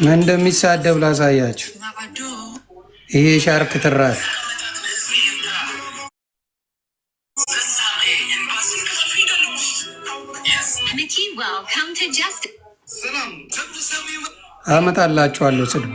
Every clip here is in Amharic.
ምን እንደሚሳደብ ላሳያችሁ። ይሄ ሻርክ ትራፊ አመጣላችኋለሁ ስድብ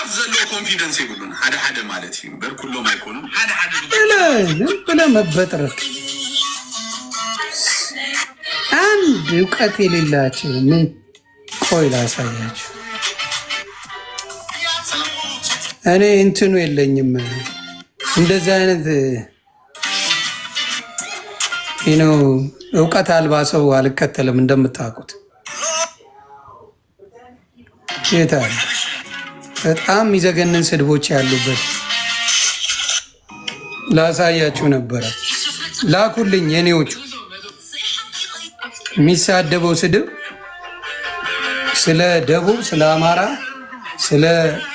ኣብ ዘለዎ ኮንፊደንስ ይብሉን ሓደ ሓደ ማለት እዩ እምበር ኩሎም ኣይኮኑም ሓደ ሓደ ብለ መበጥር አንድ እውቀት የሌላቸው ምን ቆይ ላሳያቸው እኔ እንትኑ የለኝም እንደዚህ አይነት ነው እውቀት አልባ ሰው አልከተልም እንደምታውቁት ጌታ በጣም የሚዘገንን ስድቦች ያሉበት ላሳያችሁ ነበረ። ላኩልኝ የኔዎቹ የሚሳደበው ስድብ ስለ ደቡብ፣ ስለ አማራ፣ ስለ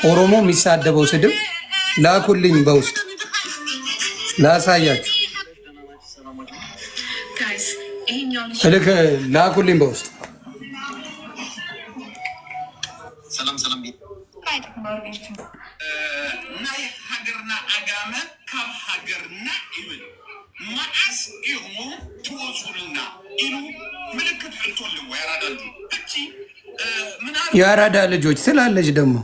ኦሮሞ የሚሳደበው ስድብ ላኩልኝ በውስጥ ላሳያችሁ። ላኩልኝ በውስጥ ናይ ሃገርና ኣጋመ ካብ ሃገርና ይብል መዓስ ኢሉ ምልክት እቺ የአራዳ ልጆች ስላለች ደግሞ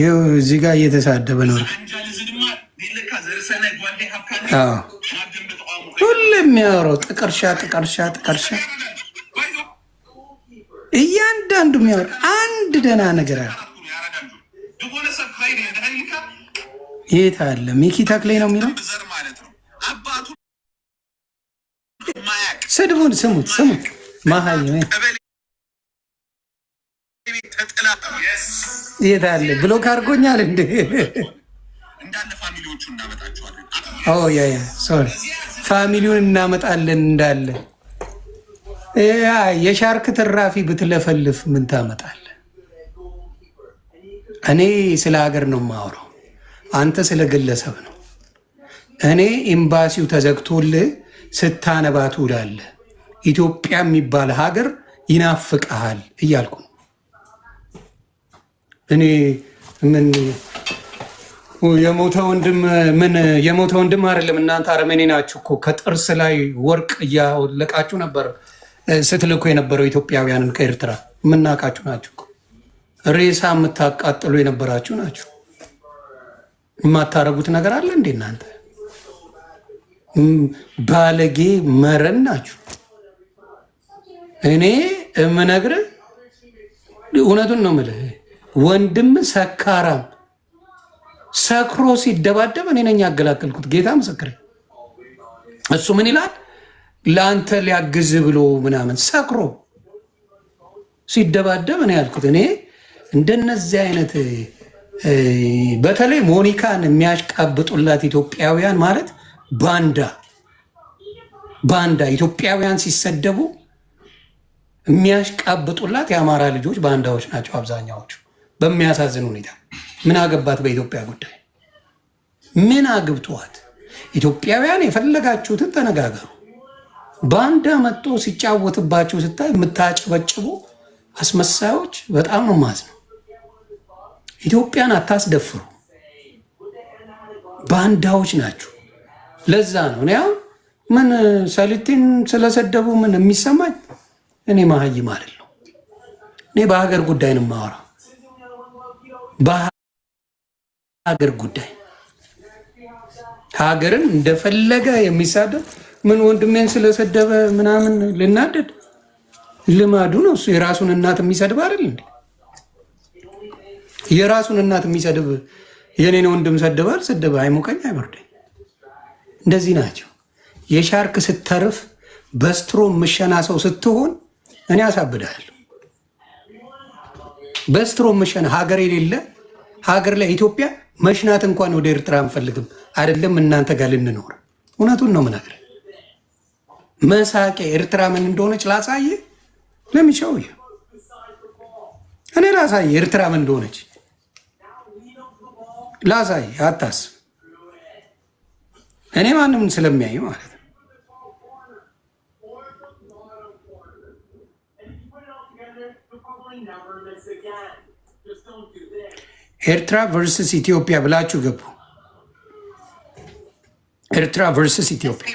ይኸው እዚህ ጋር እየተሳደበ ነው። ሁሉም የሚያወራው ጥቀርሻ ጥቀርሻ ጥቀርሻ እያንዳንዱ የሚያወር አንድ ደህና ነገር አለ። የት አለ? ሚኪ ተክሌ ነው የሚለው። ስድቡን ስሙት፣ ስሙት። መሀይ የት አለ? ብሎክ አድርጎኛል እንዴ? ያ ያ ሶሪ ፋሚሊውን እናመጣለን እንዳለ የሻርክ ትራፊ ብትለፈልፍ ምን ታመጣል? እኔ ስለ ሀገር ነው የማወራው፣ አንተ ስለ ግለሰብ ነው። እኔ ኤምባሲው ተዘግቶልህ ስታነባ ትውላለህ። ኢትዮጵያ የሚባል ሀገር ይናፍቀሃል እያልኩ ነው። እኔ ምን የሞተ ወንድም ምን የሞተ ወንድም አይደለም። እናንተ አረመኔ ናችሁ እኮ ከጥርስ ላይ ወርቅ እያወለቃችሁ ነበር። ስትልኩ የነበረው ኢትዮጵያውያንን ከኤርትራ የምናውቃችሁ ናችሁ። ሬሳ የምታቃጥሉ የነበራችሁ ናችሁ። የማታረጉት ነገር አለ እንዴ? እናንተ ባለጌ መረን ናችሁ። እኔ የምነግርህ እውነቱን ነው የምልህ። ወንድም ሰካራም ሰክሮ ሲደባደብ እኔ ነኝ ያገላገልኩት። ጌታ ምስክሬ። እሱ ምን ይላል? ለአንተ ሊያግዝ ብሎ ምናምን ሰክሮ ሲደባደብ እኔ ያልኩት እኔ እንደነዚህ አይነት በተለይ ሞኒካን የሚያሽቃብጡላት ኢትዮጵያውያን ማለት ባንዳ ባንዳ ኢትዮጵያውያን ሲሰደቡ የሚያሽቃብጡላት የአማራ ልጆች ባንዳዎች ናቸው አብዛኛዎቹ። በሚያሳዝን ሁኔታ ምን አገባት በኢትዮጵያ ጉዳይ ምን አግብተዋት? ኢትዮጵያውያን የፈለጋችሁትን ተነጋገሩ። ባንዳ መጥቶ ሲጫወትባቸው ስታይ የምታጨበጭቡ አስመሳዮች በጣም ነው ነው። ኢትዮጵያን አታስደፍሩ፣ ባንዳዎች ናችሁ። ለዛ ነው እኔ አሁን ምን ሰሊቲን ስለሰደቡ ምን የሚሰማኝ እኔ መሀይም አይደለሁ። እኔ በሀገር ጉዳይ ነው የማወራው፣ በሀገር ጉዳይ ሀገርን እንደፈለገ የሚሳደብ ምን ወንድሜን ስለሰደበ ምናምን ልናደድ ልማዱ ነው እሱ። የራሱን እናት የሚሰድብ አይደል እንዴ? የራሱን እናት የሚሰድብ የኔን ወንድም ሰደበ አልሰደበ አይሞቀኝ አይበርደኝ። እንደዚህ ናቸው። የሻርክ ስተርፍ በስትሮ የምሸና ሰው ስትሆን እኔ አሳብዳለሁ። በስትሮ የምሸና ሀገር የሌለ ሀገር ላይ ኢትዮጵያ መሽናት እንኳን ወደ ኤርትራ አንፈልግም። አይደለም እናንተ ጋር ልንኖር። እውነቱን ነው ምናገር መሳቂያ ኤርትራ ምን እንደሆነች ላሳየ ለሚሻው እኔ ላሳየ ኤርትራ ምን እንደሆነች ላሳየ አታስብ። እኔ ማንም ስለሚያይ ማለት ነው። ኤርትራ ቨርስስ ኢትዮጵያ ብላችሁ ገቡ። ኤርትራ ቨርስስ ኢትዮጵያ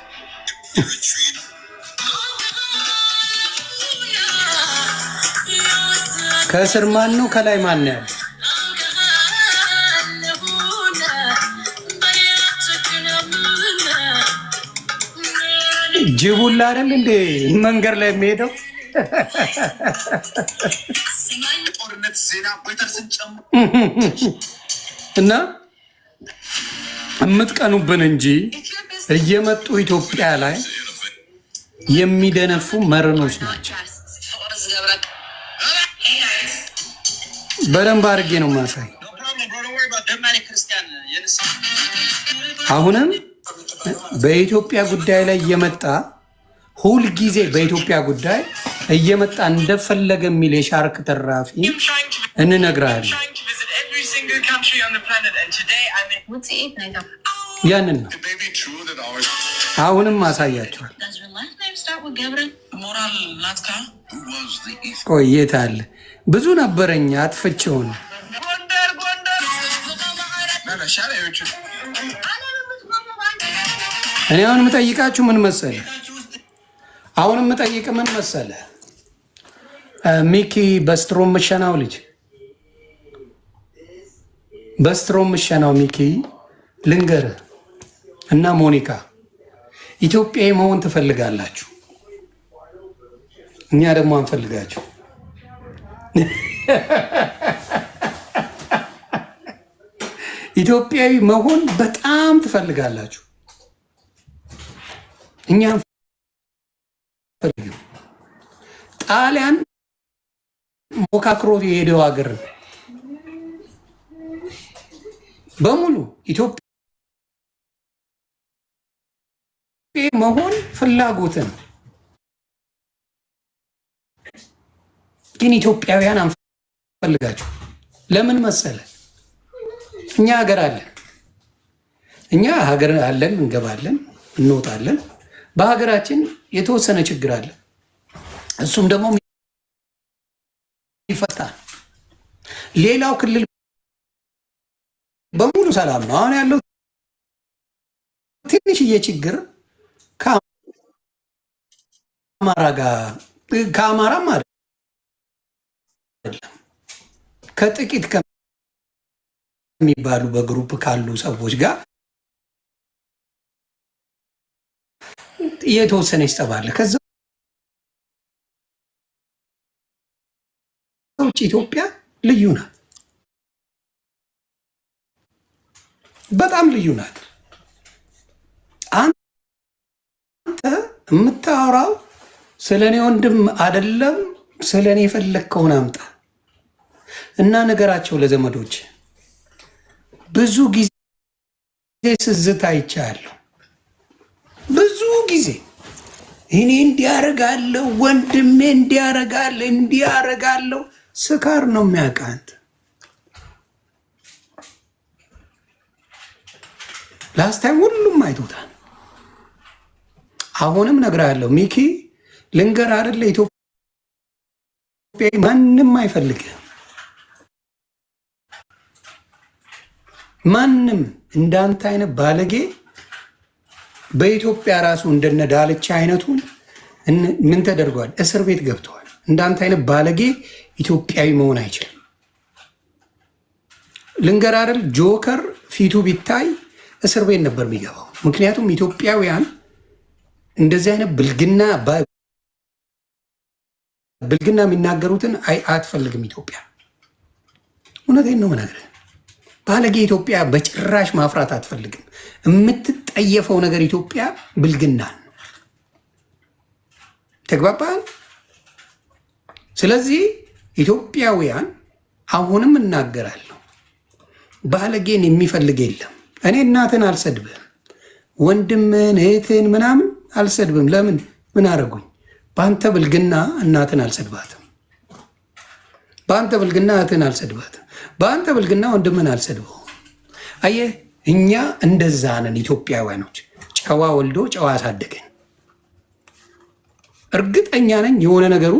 ከስር ማን ነው? ከላይ ማን ነው ጅቡላ አይደል እንዴ? መንገድ ላይ የሚሄደው እና የምትቀኑብን እንጂ እየመጡ ኢትዮጵያ ላይ የሚደነፉ መርኖች ናቸው። በደንብ አድርጌ ነው ማሳይ። አሁንም በኢትዮጵያ ጉዳይ ላይ እየመጣ ሁልጊዜ በኢትዮጵያ ጉዳይ እየመጣ እንደፈለገ የሚል የሻርክ ተራፊ እንነግራለን። ያንን ነው አሁንም አሳያቸዋል። ቆየት አለ ብዙ ነበረኝ አጥፍቼው ነው። እኔ አሁን የምጠይቃችሁ ምን መሰለ፣ አሁን የምጠይቅ ምን መሰለ፣ ሚኪ በስትሮ ምሸናው ልጅ በስትሮ ምሸናው ሚኪ ልንገርህ እና ሞኒካ ኢትዮጵያዊ መሆን ትፈልጋላችሁ። እኛ ደግሞ አንፈልጋችሁ። ኢትዮጵያዊ መሆን በጣም ትፈልጋላችሁ። እኛ ጣሊያን ሞካክሮ የሄደው ሀገር በሙሉ ኢትዮጵያ ይሄ መሆን ፍላጎት ነው፣ ግን ኢትዮጵያውያን አንፈልጋቸው። ለምን መሰለ? እኛ ሀገር አለን፣ እኛ ሀገር አለን፣ እንገባለን፣ እንወጣለን። በሀገራችን የተወሰነ ችግር አለ። እሱም ደግሞ ይፈታ። ሌላው ክልል በሙሉ ሰላም ነው። አሁን ያለው ትንሽዬ ችግር ከአማራ ጋር ከአማራም አይደለም ከጥቂት ከሚባሉ በግሩፕ ካሉ ሰዎች ጋር የተወሰነ ይስጠባለ። ከዛ ውጭ ኢትዮጵያ ልዩ ናት፣ በጣም ልዩ ናት። የምታወራው ስለ እኔ ወንድም አደለም፣ ስለ እኔ የፈለግከውን አምጣ እና ነገራቸው ለዘመዶች ብዙ ጊዜ ስዝት አይቻለሁ። ብዙ ጊዜ እኔ እንዲያረጋለሁ ወንድሜ እንዲያረጋለሁ እንዲያረጋለሁ ስካር ነው የሚያቃንት ላስታይም ሁሉም አይቶታል። አሁንም እነግርሃለሁ ሚኪ፣ ልንገር አይደለ ኢትዮጵያ ማንም አይፈልግም። ማንም እንዳንተ አይነት ባለጌ በኢትዮጵያ ራሱ እንደነ ዳልቻ አይነቱን ምን ተደርጓል? እስር ቤት ገብተዋል። እንዳንተ አይነት ባለጌ ኢትዮጵያዊ መሆን አይችልም። ልንገር አይደል ጆከር ፊቱ ቢታይ እስር ቤት ነበር የሚገባው። ምክንያቱም ኢትዮጵያውያን እንደዚህ አይነት ብልግና ብልግና የሚናገሩትን አይ አትፈልግም ኢትዮጵያ። እውነቴን ነው የምነግርህ፣ ባለጌ ኢትዮጵያ በጭራሽ ማፍራት አትፈልግም። የምትጠየፈው ነገር ኢትዮጵያ ብልግና ተግባባል። ስለዚህ ኢትዮጵያውያን አሁንም እናገራለሁ፣ ባለጌን የሚፈልግ የለም። እኔ እናትን አልሰድብህም፣ ወንድምን እህትን ምናምን አልሰድብም። ለምን ምን አደረጉኝ? በአንተ ብልግና እናትን አልሰድባትም። በአንተ ብልግና እህትን አልሰድባትም። በአንተ ብልግና ወንድምን አልሰድበው። አየህ፣ እኛ እንደዛ ነን ኢትዮጵያውያኖች። ጨዋ ወልዶ ጨዋ አሳደገን። እርግጠኛ ነኝ የሆነ ነገሩ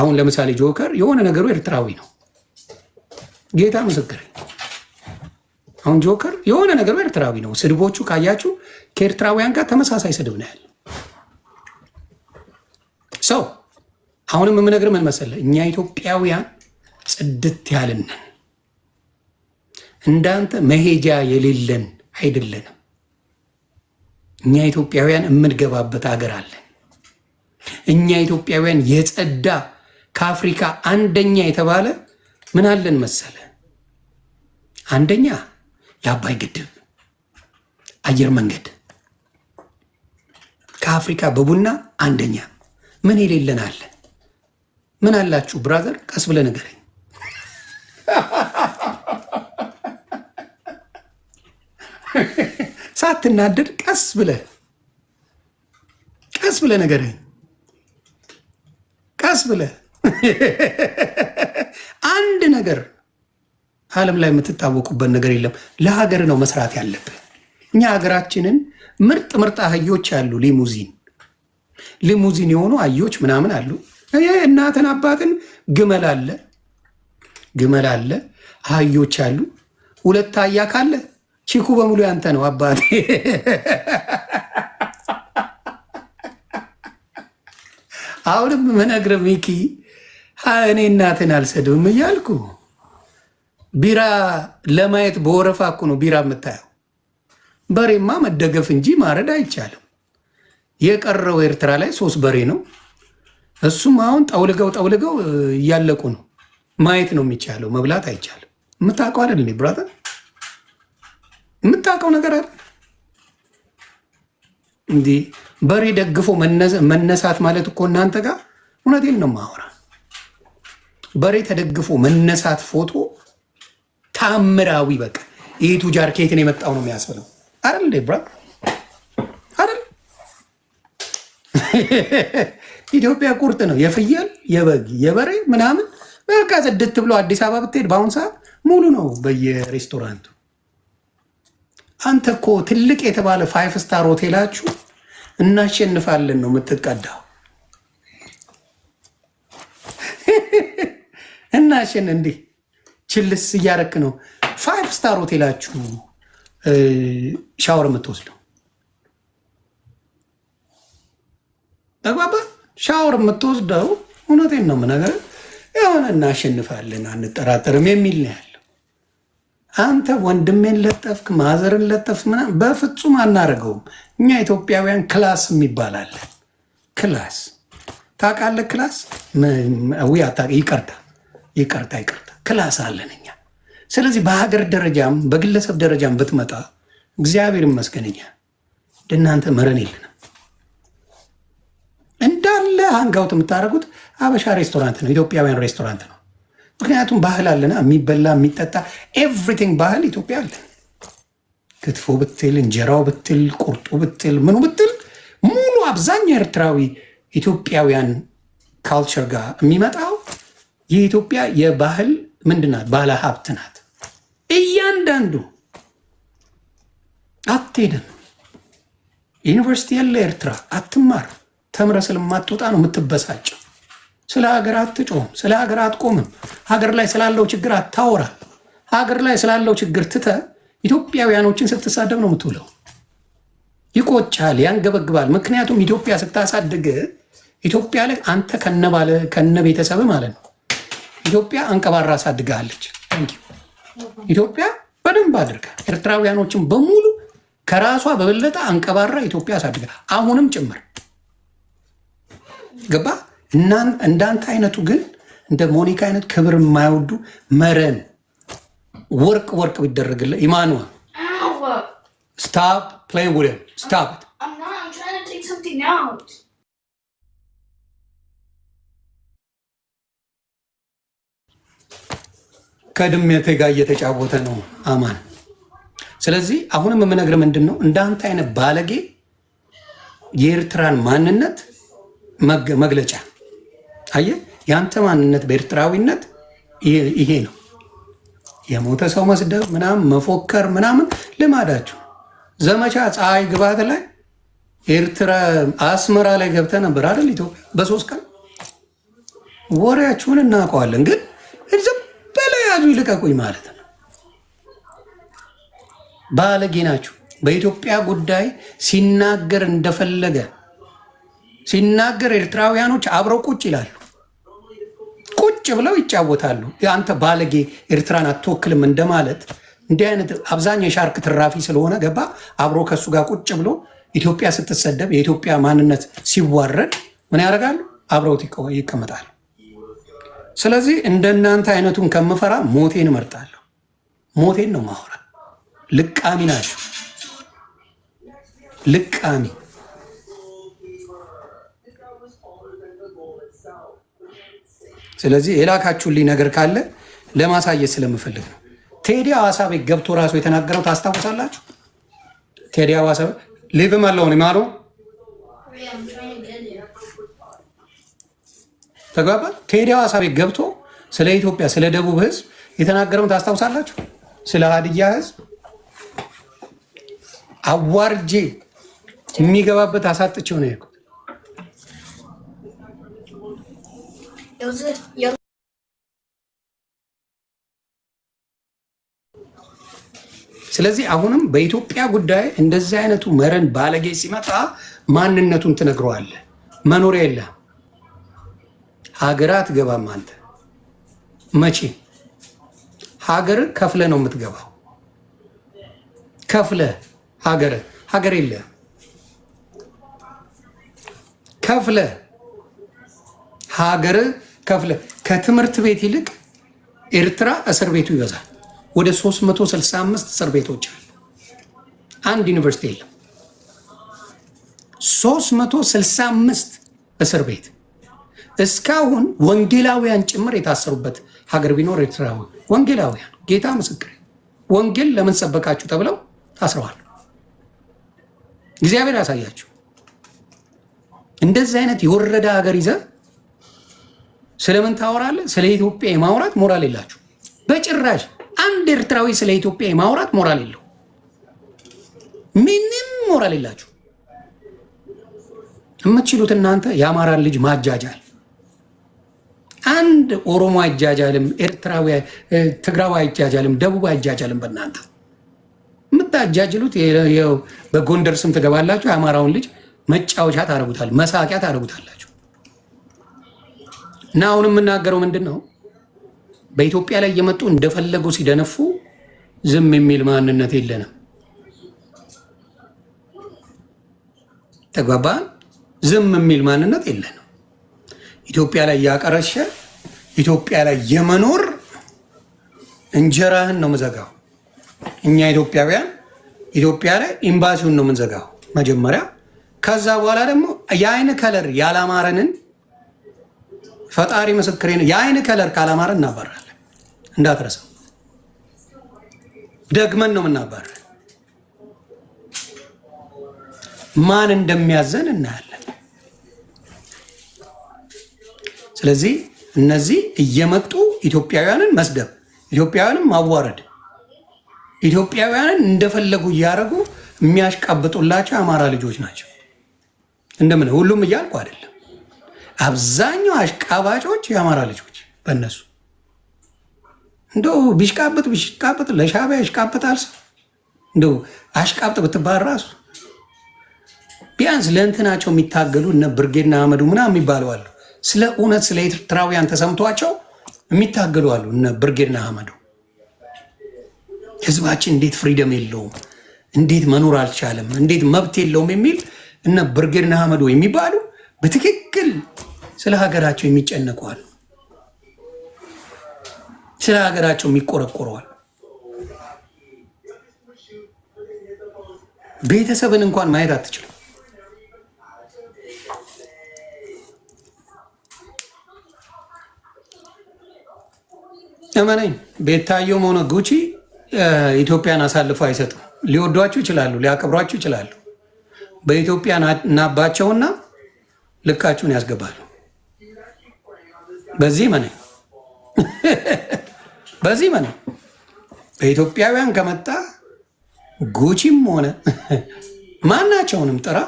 አሁን ለምሳሌ ጆከር የሆነ ነገሩ ኤርትራዊ ነው። ጌታ ምስክር አሁን ጆከር የሆነ ነገሩ ኤርትራዊ ነው። ስድቦቹ ካያችሁ ከኤርትራውያን ጋር ተመሳሳይ ስድብ ነው ያለው ሰው። አሁንም የምነግር ምን መሰለህ፣ እኛ ኢትዮጵያውያን ጽድት ያልነን እንዳንተ መሄጃ የሌለን አይደለንም። እኛ ኢትዮጵያውያን የምንገባበት ሀገር አለን። እኛ ኢትዮጵያውያን የጸዳ ከአፍሪካ አንደኛ የተባለ ምን አለን መሰለ አንደኛ የአባይ ግድብ፣ አየር መንገድ ከአፍሪካ በቡና አንደኛ። ምን የሌለን አለ? ምን አላችሁ ብራዘር? ቀስ ብለህ ንገረኝ። ሳትናደድ ቀስ ብለህ ቀስ ብለህ ንገረኝ። ቀስ ብለህ አንድ ነገር ዓለም ላይ የምትታወቁበት ነገር የለም። ለሀገር ነው መስራት ያለብህ። እኛ ሀገራችንን ምርጥ ምርጥ አህዮች አሉ። ሊሙዚን ሊሙዚን የሆኑ አህዮች ምናምን አሉ። እናትን አባትን ግመል አለ ግመል አለ አህዮች አሉ። ሁለት አህያ ካለ ቺኩ በሙሉ ያንተ ነው አባት። አሁንም ምነግርህ ሚኪ እኔ እናትን አልሰድብም እያልኩ ቢራ ለማየት በወረፋ እኮ ነው ቢራ የምታየው። በሬማ መደገፍ እንጂ ማረድ አይቻልም። የቀረው ኤርትራ ላይ ሶስት በሬ ነው። እሱም አሁን ጠውልገው ጠውልገው እያለቁ ነው። ማየት ነው የሚቻለው፣ መብላት አይቻልም። የምታውቀው አይደል ብራተር? የምታውቀው ነገር አይደል? እንዲህ በሬ ደግፎ መነሳት ማለት እኮ እናንተ ጋር እውነቴን ነው ማወራ በሬ ተደግፎ መነሳት ፎቶ ታምራዊ በቃ ይህ ቱጃር ነው የመጣው ነው የሚያስብለው አይደል እንዴ ብራ አይደል ኢትዮጵያ ቁርጥ ነው የፍየል የበግ የበሬ ምናምን በቃ ጽድት ብሎ አዲስ አበባ ብትሄድ በአሁን ሰዓት ሙሉ ነው በየሬስቶራንቱ አንተ እኮ ትልቅ የተባለ ፋይፍ ስታር ሆቴላችሁ እናሸንፋለን ነው የምትቀዳው እናሸን እንዲህ ችልስ እያረክ ነው። ፋይቭ ስታር ሆቴላችሁ ሻወር የምትወስደው ተግባባ። ሻወር የምትወስደው እውነቴን ነው ምነገር የሆነ እናሸንፋለን አንጠራጠርም የሚል ነው ያለው። አንተ ወንድሜን ለጠፍክ፣ ማዘርን ለጠፍክ ምናምን በፍጹም አናደርገውም። እኛ ኢትዮጵያውያን ክላስ የሚባላለን ክላስ ታውቃለህ? ክላስ ይቀርታ ይቅርታ ይቅርታ ክላስ አለን እኛ። ስለዚህ በሀገር ደረጃም በግለሰብ ደረጃም ብትመጣ እግዚአብሔር ይመስገንኛ እናንተ መረን የለንም። እንዳለ ሀንጋውት የምታደርጉት አበሻ ሬስቶራንት ነው፣ ኢትዮጵያውያን ሬስቶራንት ነው። ምክንያቱም ባህል አለና የሚበላ የሚጠጣ ኤቭሪቲንግ ባህል ኢትዮጵያ አለ። ክትፎ ብትል እንጀራው ብትል ቁርጡ ብትል ምኑ ብትል ሙሉ አብዛኛው ኤርትራዊ ኢትዮጵያውያን ካልቸር ጋር የሚመጣ የኢትዮጵያ የባህል ምንድናት? ባለ ሀብት ናት። እያንዳንዱ አትሄድም ዩኒቨርሲቲ ያለ ኤርትራ አትማር ተምረ ስለማትወጣ ነው የምትበሳጨው። ስለ ሀገር አትጮም፣ ስለ ሀገር አትቆምም። ሀገር ላይ ስላለው ችግር አታወራ። ሀገር ላይ ስላለው ችግር ትተ ኢትዮጵያውያኖችን ስትሳደብ ነው የምትውለው። ይቆጫል፣ ያንገበግባል። ምክንያቱም ኢትዮጵያ ስታሳድግ ኢትዮጵያ ላይ አንተ ከነ ባለ ከነ ቤተሰብ ማለት ነው ኢትዮጵያ አንቀባራ አሳድጋለች። ኢትዮጵያ በደንብ አድርጋ ኤርትራውያኖችን በሙሉ ከራሷ በበለጠ አንቀባራ ኢትዮጵያ አሳድጋ አሁንም ጭምር ገባ። እንዳንተ አይነቱ ግን እንደ ሞኒካ አይነት ክብር የማይወዱ መረን ወርቅ ወርቅ ቢደረግለ ኢማኑዋ ስታፕ ፕሌይ ውደም ስታፕ ከድሜቴ ጋር እየተጫወተ ነው አማን። ስለዚህ አሁንም የምነግር ምንድን ነው እንዳንተ አይነት ባለጌ የኤርትራን ማንነት መግለጫ አየ የአንተ ማንነት በኤርትራዊነት ይሄ ነው። የሞተ ሰው መስደብ ምናምን መፎከር ምናምን ልማዳችሁ። ዘመቻ ፀሐይ ግባት ላይ ኤርትራ አስመራ ላይ ገብተ ነበር አይደል? ኢትዮጵያ በሶስት ቀን ወሬያችሁን እናውቀዋለን ግን ልቀቁኝ ማለት ነው። ባለጌ ናችሁ። በኢትዮጵያ ጉዳይ ሲናገር እንደፈለገ ሲናገር ኤርትራውያኖች አብረው ቁጭ ይላሉ። ቁጭ ብለው ይጫወታሉ። አንተ ባለጌ ኤርትራን አትወክልም እንደማለት እንዲህ አይነት አብዛኛው የሻርክ ትራፊ ስለሆነ ገባ አብሮ ከሱ ጋር ቁጭ ብሎ ኢትዮጵያ ስትሰደብ የኢትዮጵያ ማንነት ሲዋረድ ምን ያደርጋሉ? አብረውት ይቀመጣሉ። ስለዚህ እንደናንተ አይነቱን ከምፈራ ሞቴን እመርጣለሁ። ሞቴን ነው ማወራ። ልቃሚ ናቸው፣ ልቃሚ ስለዚህ የላካችሁልኝ ነገር ካለ ለማሳየት ስለምፈልግ ነው። ቴዲ ሐዋሳ ቤት ገብቶ ራሱ የተናገረው ታስታውሳላችሁ። ቴዲ ሐዋሳ ሊቭም አለውን ማሉ ተግባባ። ቴዲ ሐዋሳ ቤት ገብቶ ስለ ኢትዮጵያ ስለ ደቡብ ህዝብ የተናገረውን ታስታውሳላችሁ? ስለ ሀዲያ ህዝብ አዋርጄ የሚገባበት አሳጥቼው ነው ያልኩት። ስለዚህ አሁንም በኢትዮጵያ ጉዳይ እንደዚህ አይነቱ መረን ባለጌ ሲመጣ ማንነቱን ትነግረዋለህ። መኖሪያ የለህም። ሀገር አትገባም አንተ መቼ ሀገር ከፍለ ነው የምትገባው ከፍለ ሀገር ሀገር የለ ከፍለ ሀገር ከፍለ ከትምህርት ቤት ይልቅ ኤርትራ እስር ቤቱ ይበዛል። ወደ 365 እስር ቤቶች አለ። አንድ ዩኒቨርሲቲ የለም። 365 እስር ቤት እስካሁን ወንጌላውያን ጭምር የታሰሩበት ሀገር ቢኖር ኤርትራዊ ወንጌላውያን ጌታ ምስክር ወንጌል ለምን ሰበካችሁ ተብለው ታስረዋል። እግዚአብሔር ያሳያችሁ። እንደዚህ አይነት የወረደ ሀገር ይዘ ስለምን ታወራለህ? ስለ ኢትዮጵያ የማውራት ሞራል የላችሁ በጭራሽ። አንድ ኤርትራዊ ስለ ኢትዮጵያ የማውራት ሞራል የለው፣ ምንም ሞራል የላችሁ። የምትችሉት እናንተ የአማራን ልጅ ማጃጃል አንድ ኦሮሞ አይጃጃልም፣ ኤርትራዊ ትግራዊ አይጃጃልም፣ ደቡብ አይጃጃልም። በእናንተ የምታጃጅሉት በጎንደር ስም ትገባላችሁ፣ የአማራውን ልጅ መጫወቻ ታደረጉታል፣ መሳቂያ ታደረጉታላችሁ። እና አሁን የምናገረው ምንድን ነው? በኢትዮጵያ ላይ እየመጡ እንደፈለጉ ሲደነፉ ዝም የሚል ማንነት የለንም። ተግባባ? ዝም የሚል ማንነት የለንም። ኢትዮጵያ ላይ ያቀረሸ ኢትዮጵያ ላይ የመኖር እንጀራህን ነው ምዘጋው። እኛ ኢትዮጵያውያን ኢትዮጵያ ላይ ኤምባሲውን ነው ምንዘጋው መጀመሪያ። ከዛ በኋላ ደግሞ የአይን ከለር ያላማረንን ፈጣሪ ምስክሬ ነው። የአይን ከለር ካላማረን እናባራለን፣ እንዳትረሳው። ደግመን ነው የምናባረን። ማን እንደሚያዘን እናያለን። ስለዚህ እነዚህ እየመጡ ኢትዮጵያውያንን መስደብ፣ ኢትዮጵያውያንን ማዋረድ፣ ኢትዮጵያውያንን እንደፈለጉ እያደረጉ የሚያሽቃብጡላቸው የአማራ ልጆች ናቸው። እንደምን ሁሉም እያልኩ አይደለም። አብዛኛው አሽቃባጮች የአማራ ልጆች በእነሱ እንደው ቢሽቃብጥ ቢሽቃብጥ ለሻቢያ ይሽቃብጣል። ሰው እንደው አሽቃብጥ ብትባል ራሱ ቢያንስ ለእንትናቸው የሚታገሉ እነ ብርጌና አህመዱ ምናምን የሚባለው አሉ። ስለ እውነት ስለ ኤርትራውያን ተሰምቷቸው የሚታገሉ አሉ። እነ ብርጌድና አህመዱ ህዝባችን እንዴት ፍሪደም የለውም፣ እንዴት መኖር አልቻለም፣ እንዴት መብት የለውም የሚል እነ ብርጌድና አህመዱ የሚባሉ በትክክል ስለ ሀገራቸው የሚጨነቁ አሉ። ስለ ሀገራቸው የሚቆረቆረዋል። ቤተሰብን እንኳን ማየት አትችልም። እመነኝ ቤታየው መሆነ ጉቺ ኢትዮጵያን አሳልፎ አይሰጡም። ሊወዷችሁ ይችላሉ፣ ሊያከብሯችሁ ይችላሉ። በኢትዮጵያ ናባቸውና ልካችሁን ያስገባሉ። በዚህ መነኝ፣ በዚህ መነኝ። በኢትዮጵያውያን ከመጣ ጉቺም ሆነ ማናቸውንም ጥራ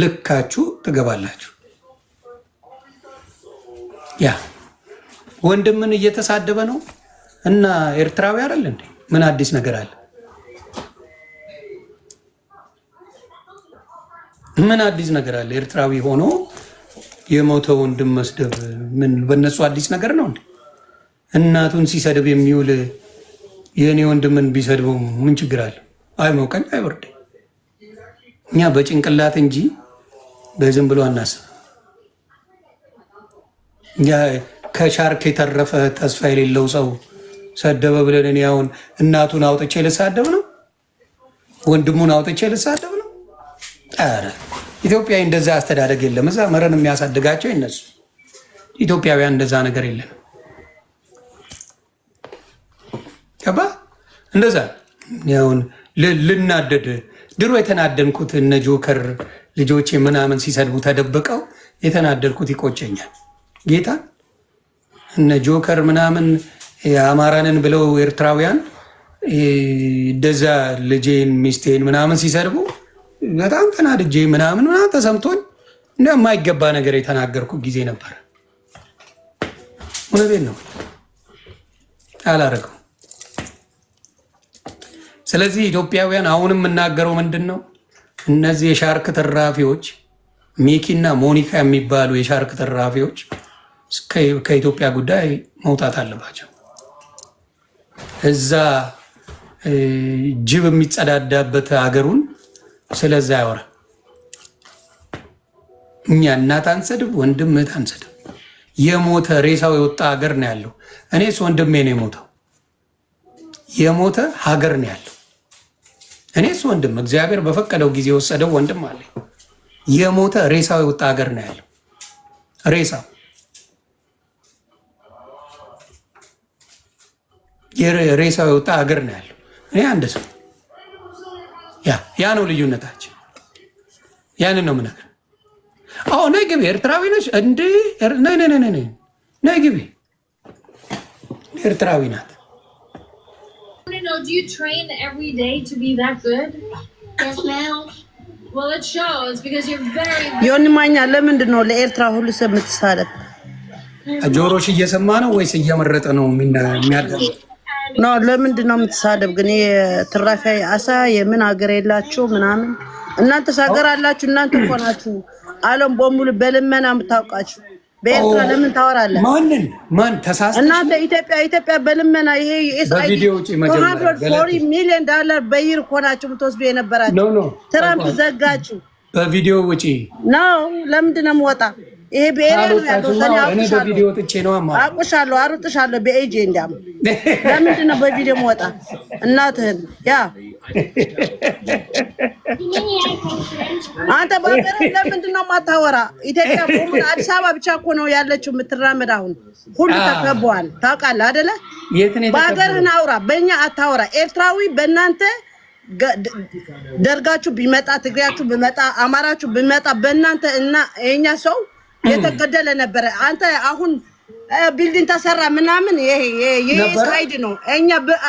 ልካችሁ ትገባላችሁ። ያ ወንድምን እየተሳደበ ነው። እና ኤርትራዊ አይደል እንዴ? ምን አዲስ ነገር አለ? ምን አዲስ ነገር አለ? ኤርትራዊ ሆኖ የሞተ ወንድም መስደብ ምን በእነሱ አዲስ ነገር ነው እንዴ? እናቱን ሲሰድብ የሚውል የእኔ ወንድምን ቢሰድበው ምን ችግር አለ? አይሞቀኝ አይወርድ። እኛ በጭንቅላት እንጂ በዝም ብሎ አናስብ። ከሻርክ የተረፈ ተስፋ የሌለው ሰው ሰደበ ብለን እኔ አሁን እናቱን አውጥቼ ልሳደብ ነው? ወንድሙን አውጥቼ ልሳደብ ነው? ኧረ ኢትዮጵያ እንደዛ አስተዳደግ የለም። እዛ መረን የሚያሳድጋቸው ይነሱ። ኢትዮጵያውያን እንደዛ ነገር የለም። ገባ እንደዛ አሁን ልናደድ ድሮ የተናደንኩት እነ ጆከር ልጆቼ ምናምን ሲሰድቡ ተደብቀው የተናደድኩት ይቆጨኛል። ጌታ እነ ጆከር ምናምን አማራንን ብለው ኤርትራውያን እንደዛ ልጄን ሚስቴን ምናምን ሲሰድቡ በጣም ተናድጄ ምናምን ምናምን ተሰምቶኝ እንደ የማይገባ ነገር የተናገርኩ ጊዜ ነበር። እውነቴን ነው አላረገው። ስለዚህ ኢትዮጵያውያን አሁንም የምናገረው ምንድን ነው እነዚህ የሻርክ ተራፊዎች ሚኪና ሞኒካ የሚባሉ የሻርክ ተራፊዎች ከኢትዮጵያ ጉዳይ መውጣት አለባቸው። እዛ ጅብ የሚጸዳዳበት ሀገሩን ስለዛ ያወራ። እኛ እናት አንሰድብ፣ ወንድም እህት አንሰድብ። የሞተ ሬሳው የወጣ ሀገር ነው ያለው። እኔስ ወንድሜ ነው የሞተው። የሞተ ሀገር ነው ያለው። እኔስ ወንድም እግዚአብሔር በፈቀደው ጊዜ የወሰደው ወንድም አለ። የሞተ ሬሳው የወጣ ሀገር ነው ያለው ሬሳው የሬሳው የወጣ ሀገር ነው ያለው። እኔ አንድ ሰው ያ ነው ልዩነታችን። ያንን ነው ምነገር። አዎ ነይ ግቢ፣ ኤርትራዊ ነች እንዴ? ነይ ነይ ነይ ነይ ግቢ። ኤርትራዊ ናት። ዮኒ ማኛ ለምንድን ነው ለኤርትራ ሁሉ ሰው የምትሳለት? ጆሮሽ እየሰማ ነው ወይስ እየመረጠ ነው የሚያደርገው? ኖ ለምንድን ነው የምትሳደብ ግን? የትራፊ አሳ የምን ሀገር የላችሁ ምናምን። እናንተ ሀገር አላችሁ። እናንተ እኮ ናችሁ ዓለም በሙሉ በልመና የምታውቃችሁ። በኤርትራ ለምን ታወራለህ? ማንን ማን ተሳስተ? እናንተ ኢትዮጵያ ኢትዮጵያ በልመና ይሄ ሚሊዮን ዳላር በይር ኮናችሁ ምትወስዱ የነበራችሁ። ትራምፕ ዘጋችሁ። በቪዲዮ ውጪ ነው። ለምንድን ነው የምወጣ ይሄ ብሔራዊ በቪዲዮ ወጥቼ ነው አቁሻለሁ፣ አሩጥሻለሁ በኤጄ ለምንድን ነው በቪዲዮ መወጣ? እናትህን ያ አንተ በሀገር ለምንድን ነው ማታወራ? ኢትዮጵያ አዲስ አበባ ብቻ እኮ ነው ያለችው የምትራመድ። አሁን ሁሉ ተከበዋል፣ ታውቃለህ በሀገርህን አውራ፣ በእኛ አታወራ። ኤርትራዊ በእናንተ ደርጋችሁ ቢመጣ ትግሪያችሁ ቢመጣ አማራችሁ ቢመጣ በእናንተ እና የኛ ሰው የተገደለ ነበረ። አንተ አሁን ቢልዲንግ ተሰራ ምናምን ሳይድ ነው። እኛ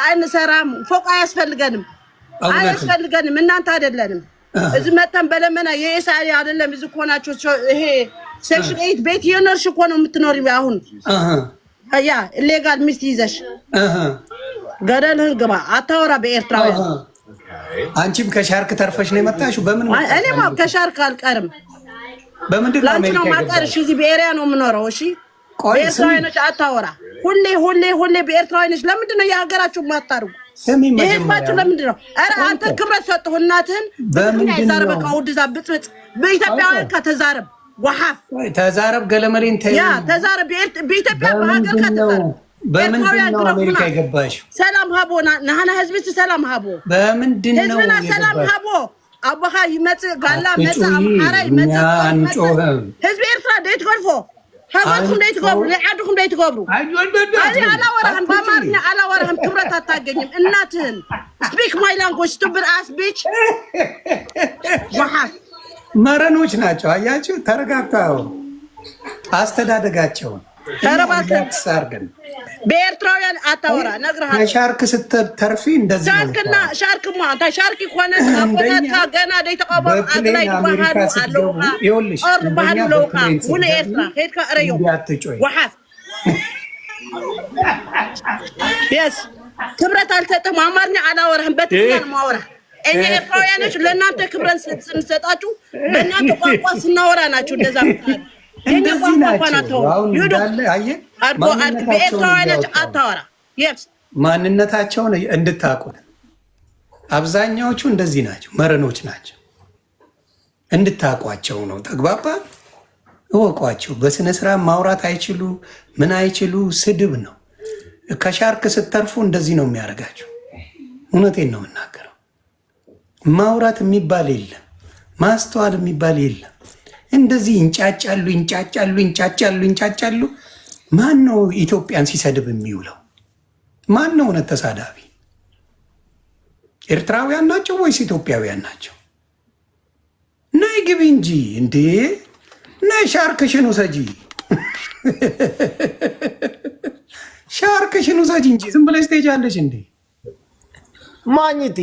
አንሰራም፣ ፎቅ አያስፈልገንም፣ አያስፈልገንም። እናንተ አይደለንም እዚህ መጥተን በለመና የኤስአይ አይደለም እዚህ ከሆናችሁ ይሄ ሴክሽን ኤይት ቤት የነርሽ እኮ ነው የምትኖሪ። አሁን ያ ኢሌጋል ሚስት ይዘሽ ገደልህን ግባ። አታወራ በኤርትራውያን። አንቺም ከሻርክ ተርፈሽ ነው የመጣሽው። በምን እኔ ከሻርክ አልቀርም በምንድን ነው ነው የማትቀርሽ። እዚህ በኤሪያ ነው የምኖረው። እሺ በኤርትራዊኖች አታወራ። ሁሌ ሁሌ ሁሌ በኤርትራዊኖች ለምንድን ነው የሀገራችሁ የማታርጉ? ይህባችሁ ለምንድን ነው? ኧረ አንተ ክብረት ሰጥሁ እናትህን ይዛረበ ከውድዛ ብጥብጥ በኢትዮጵያውያን ከተዛረብ ወሓፍ ተዛረብ ገለመሬን ተዛረብ በኢትዮጵያ በሀገር ከተዛረብ በምንድን ነው አሜሪካ የገባሽ? ሰላም ሀቦ ናህና ህዝብስ ሰላም ሀቦ በምንድን ነው ሰላም ሀቦ አቦሃ ይመጽ ጋላ መጽ አምሃራ ይመጽ ህዝብ ኤርትራ ደይ ትገድፎ ሀገርኩም ደይ ትገብሩ ናይ ዓድኩም ደይ ትገብሩ እዚ አላወራህም በአማርኛ አላወራህም ክብረት ኣታገኝም እናትህን ስፒክ ማይ ላንጎጅ ትብር ኣስቢች ቢች መረኖች ናቸው አያችሁ ተረጋግተው አስተዳደጋቸውን ረባርገን በኤርትራውያን አታወራ ነግርሃል። ሻርክ ስተተርፊ እንደዚህ ሻርክና ሻርክ ማ ኮነ አቦታትካ ገና ደይ ተቀበሩ አግላይ ባህሉ ኣለውካ ኦር ባህሉ ኣለውካ ውነ ኤርትራ ከይድካ እረዮ ወሓፍ የስ ክብረት አልሰጥም። አማርኛ አላወራህም። በትግርኛ ነው እኛ ኤርትራውያኖች ለእናንተ ክብረን ስንሰጣችሁ በእናንተ ቋንቋ ስናወራ ናችሁ እንደዛ ምታሉ እንደዚህ ናቸው። አሁን እንዳለ አየህ ማንነታቸውን እንድታቁት አብዛኛዎቹ እንደዚህ ናቸው፣ መረኖች ናቸው። እንድታቋቸው ነው። ተግባባ። እወቋቸው። በስነ ስርዓት ማውራት አይችሉ፣ ምን አይችሉ። ስድብ ነው። ከሻርክ ስተርፉ እንደዚህ ነው የሚያደርጋቸው። እውነቴን ነው የምናገረው። ማውራት የሚባል የለም፣ ማስተዋል የሚባል የለም። እንደዚህ እንጫጫሉ እንጫጫሉ እንጫጫሉ እንጫጫሉ። ማን ነው ኢትዮጵያን ሲሰድብ የሚውለው? ማን ነው እውነት ተሳዳቢ? ኤርትራውያን ናቸው ወይስ ኢትዮጵያውያን ናቸው? ናይ ግቢ እንጂ እንዴ! ናይ ሻርክሽን ውሰጂ፣ ሻርክሽን ውሰጂ እንጂ ዝም ብለሽ ትሄጃለሽ እንዴ ማኝቲ